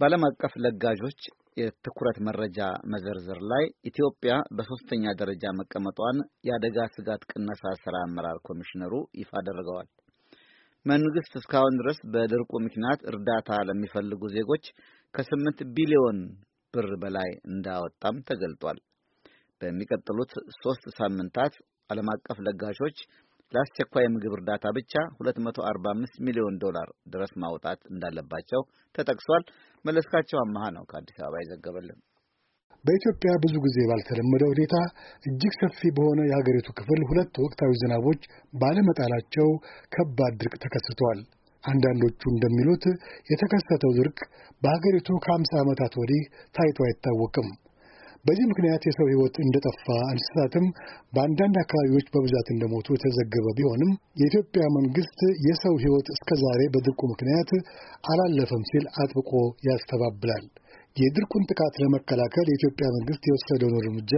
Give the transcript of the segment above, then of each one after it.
በዓለም አቀፍ ለጋዦች የትኩረት መረጃ መዘርዝር ላይ ኢትዮጵያ በሶስተኛ ደረጃ መቀመጧን የአደጋ ስጋት ቅነሳ ስራ አመራር ኮሚሽነሩ ይፋ አደረገዋል። መንግስት እስካሁን ድረስ በድርቁ ምክንያት እርዳታ ለሚፈልጉ ዜጎች ከስምንት ቢሊዮን ብር በላይ እንዳወጣም ተገልጧል። በሚቀጥሉት ሶስት ሳምንታት ዓለም አቀፍ ለጋሾች ለአስቸኳይ የምግብ እርዳታ ብቻ 245 ሚሊዮን ዶላር ድረስ ማውጣት እንዳለባቸው ተጠቅሷል። መለስካቸው አመሃ ነው ከአዲስ አበባ ይዘገበልን። በኢትዮጵያ ብዙ ጊዜ ባልተለመደ ሁኔታ እጅግ ሰፊ በሆነ የሀገሪቱ ክፍል ሁለት ወቅታዊ ዝናቦች ባለመጣላቸው ከባድ ድርቅ ተከስቷል። አንዳንዶቹ እንደሚሉት የተከሰተው ድርቅ በሀገሪቱ ከአምሳ ዓመታት ወዲህ ታይቶ አይታወቅም። በዚህ ምክንያት የሰው ሕይወት እንደጠፋ እንስሳትም በአንዳንድ አካባቢዎች በብዛት እንደሞቱ የተዘገበ ቢሆንም የኢትዮጵያ መንግስት የሰው ሕይወት እስከዛሬ በድርቁ ምክንያት አላለፈም ሲል አጥብቆ ያስተባብላል። የድርቁን ጥቃት ለመከላከል የኢትዮጵያ መንግስት የወሰደውን እርምጃ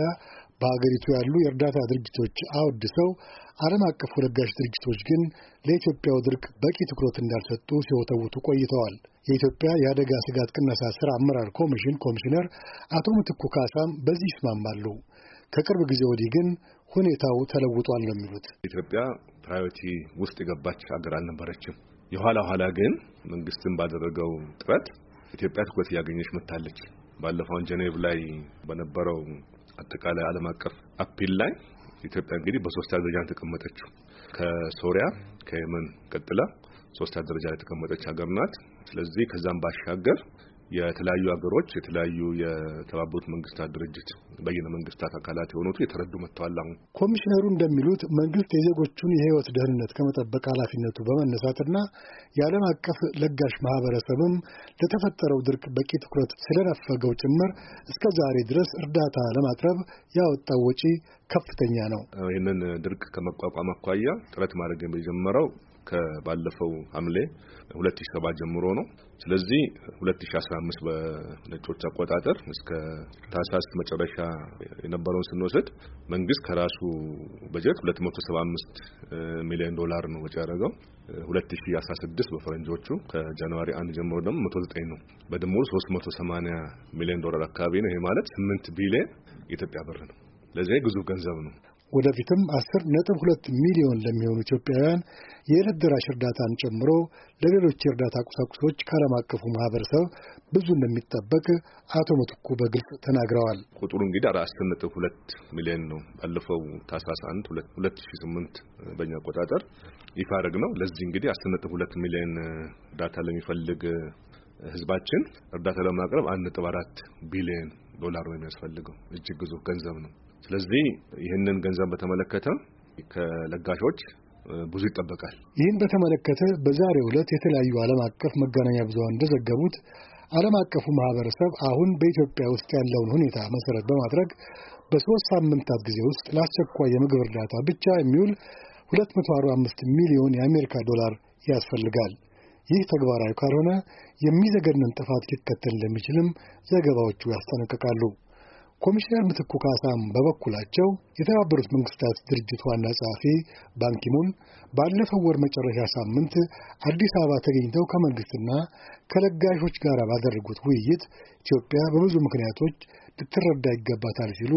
በአገሪቱ ያሉ የእርዳታ ድርጅቶች አወድሰው ዓለም አቀፉ ለጋሽ ድርጅቶች ግን ለኢትዮጵያው ድርቅ በቂ ትኩረት እንዳልሰጡ ሲወተውቱ ቆይተዋል። የኢትዮጵያ የአደጋ ስጋት ቅነሳ ስራ አመራር ኮሚሽን ኮሚሽነር አቶ ምትኩ ካሳም በዚህ ይስማማሉ። ከቅርብ ጊዜ ወዲህ ግን ሁኔታው ተለውጧል ነው የሚሉት። ኢትዮጵያ ፕራዮሪቲ ውስጥ የገባች ሀገር አልነበረችም። የኋላ ኋላ ግን መንግስትን ባደረገው ጥረት ኢትዮጵያ ትኩረት እያገኘች መጥታለች። ባለፈውን ጀኔቭ ላይ በነበረው አጠቃላይ ዓለም አቀፍ አፒል ላይ ኢትዮጵያ እንግዲህ በሶስተኛ ደረጃ ተቀመጠችው። ከሶሪያ ከየመን ቀጥላ ሶስተኛ ደረጃ ላይ ተቀመጠች ሀገር ናት። ስለዚህ ከዛም ባሻገር የተለያዩ ሀገሮች የተለያዩ የተባበሩት መንግስታት ድርጅት በየነ መንግስታት አካላት የሆኑት የተረዱ መጥተዋል። አሁን ኮሚሽነሩ እንደሚሉት መንግስት የዜጎቹን የህይወት ደህንነት ከመጠበቅ ኃላፊነቱ በመነሳትና የዓለም አቀፍ ለጋሽ ማህበረሰብም ለተፈጠረው ድርቅ በቂ ትኩረት ስለነፈገው ጭምር እስከ ዛሬ ድረስ እርዳታ ለማቅረብ ያወጣው ወጪ ከፍተኛ ነው። ይህንን ድርቅ ከመቋቋም አኳያ ጥረት ማድረግ የጀመረው ከባለፈው ሐምሌ 2007 ጀምሮ ነው። ስለዚህ 2015 በነጮች አቆጣጠር እስከ ታህሳስ መጨረሻ የነበረውን ስንወስድ መንግስት ከራሱ በጀት 275 ሚሊዮን ዶላር ነው ወጪ ያደረገው። 2016 በፈረንጆቹ ከጃንዋሪ 1 ጀምሮ ደግሞ 109 ነው። በድምሩ 380 ሚሊዮን ዶላር አካባቢ ነው። ይሄ ማለት 8 ቢሊዮን የኢትዮጵያ ብር ነው። ለዚህ ግዙፍ ገንዘብ ነው። ወደፊትም አስር ነጥብ ሁለት ሚሊዮን ለሚሆኑ ኢትዮጵያውያን የዕለት ደራሽ እርዳታን ጨምሮ ለሌሎች የእርዳታ ቁሳቁሶች ከዓለም አቀፉ ማህበረሰብ ብዙ እንደሚጠበቅ አቶ ምትኩ በግልጽ ተናግረዋል። ቁጥሩ እንግዲህ አስር ነጥብ ሁለት ሚሊዮን ነው። ባለፈው ታህሳስ አንድ ሁለት ሺ ስምንት በእኛ አቆጣጠር ይፋ አደረግ ነው። ለዚህ እንግዲህ አስር ነጥብ ሁለት ሚሊዮን እርዳታ ለሚፈልግ ህዝባችን እርዳታ ለማቅረብ አንድ ነጥብ አራት ቢሊዮን ዶላር ነው የሚያስፈልገው። እጅግ ግዙፍ ገንዘብ ነው። ስለዚህ ይህንን ገንዘብ በተመለከተ ከለጋሾች ብዙ ይጠበቃል። ይህን በተመለከተ በዛሬው ዕለት የተለያዩ ዓለም አቀፍ መገናኛ ብዙሃን እንደዘገቡት ዓለም አቀፉ ማህበረሰብ አሁን በኢትዮጵያ ውስጥ ያለውን ሁኔታ መሰረት በማድረግ በሶስት ሳምንታት ጊዜ ውስጥ ለአስቸኳይ የምግብ እርዳታ ብቻ የሚውል 245 ሚሊዮን የአሜሪካ ዶላር ያስፈልጋል። ይህ ተግባራዊ ካልሆነ የሚዘገንን ጥፋት ሊከተል እንደሚችልም ዘገባዎቹ ያስጠነቅቃሉ። ኮሚሽነር ምትኩ ካሳም በበኩላቸው የተባበሩት መንግስታት ድርጅት ዋና ጸሐፊ ባንኪሙን ባለፈው ወር መጨረሻ ሳምንት አዲስ አበባ ተገኝተው ከመንግስትና ከለጋሾች ጋር ባደረጉት ውይይት ኢትዮጵያ በብዙ ምክንያቶች ልትረዳ ይገባታል ሲሉ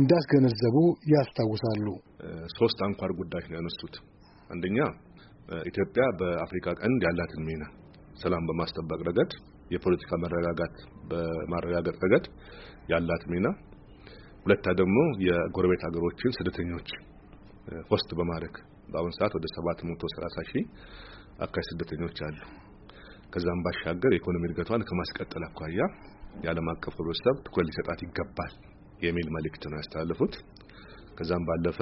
እንዳስገነዘቡ ያስታውሳሉ። ሶስት አንኳር ጉዳዮች ነው ያነሱት። አንደኛ ኢትዮጵያ በአፍሪካ ቀንድ ያላትን ሚና ሰላም በማስጠበቅ ረገድ የፖለቲካ መረጋጋት በማረጋገጥ ረገድ ያላት ሚና፣ ሁለታ ደግሞ የጎረቤት ሀገሮችን ስደተኞች ሆስት በማድረግ በአሁኑ ሰዓት ወደ 730 ሺህ አካባቢ ስደተኞች አሉ። ከዛም ባሻገር የኢኮኖሚ እድገቷን ከማስቀጠል አኳያ የዓለም አቀፍ ህብረተሰብ ትኩረት ሊሰጣት ይገባል የሚል መልእክት ነው ያስተላለፉት። ከዛም ባለፈ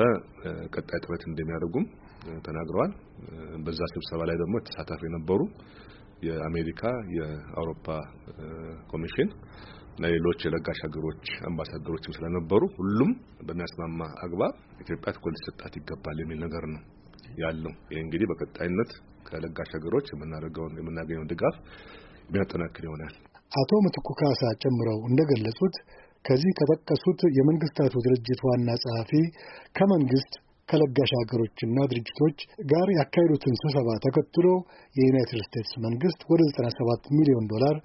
ቀጣይ ጥረት እንደሚያደርጉም ተናግረዋል። በዛ ስብሰባ ላይ ደግሞ ተሳታፊ የነበሩ የአሜሪካ የአውሮፓ ኮሚሽን ሌሎች የለጋሽ ሀገሮች አምባሳደሮችም ስለነበሩ ሁሉም በሚያስማማ አግባብ ኢትዮጵያ ትኩረት ሊሰጣት ይገባል የሚል ነገር ነው ያለው። ይህ እንግዲህ በቀጣይነት ከለጋሽ ሀገሮች የምናደርገውን የምናገኘውን ድጋፍ የሚያጠናክር ይሆናል። አቶ ምትኩ ካሳ ጨምረው እንደገለጹት ከዚህ ከጠቀሱት የመንግስታቱ ድርጅት ዋና ጸሐፊ ከመንግስት ከለጋሽ ሀገሮችና ድርጅቶች ጋር ያካሄዱትን ስብሰባ ተከትሎ የዩናይትድ ስቴትስ መንግስት ወደ 97 ሚሊዮን ዶላር፣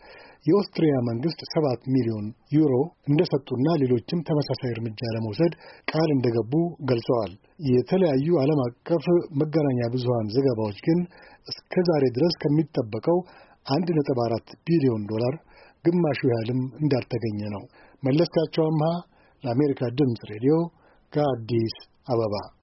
የኦስትሪያ መንግስት 7 ሚሊዮን ዩሮ እንደሰጡና ሌሎችም ተመሳሳይ እርምጃ ለመውሰድ ቃል እንደገቡ ገልጸዋል። የተለያዩ ዓለም አቀፍ መገናኛ ብዙሃን ዘገባዎች ግን እስከ ዛሬ ድረስ ከሚጠበቀው 1.4 ቢሊዮን ዶላር ግማሹ ያህልም እንዳልተገኘ ነው። መለስካቸው አምሃ ለአሜሪካ ድምፅ ሬዲዮ ከአዲስ አበባ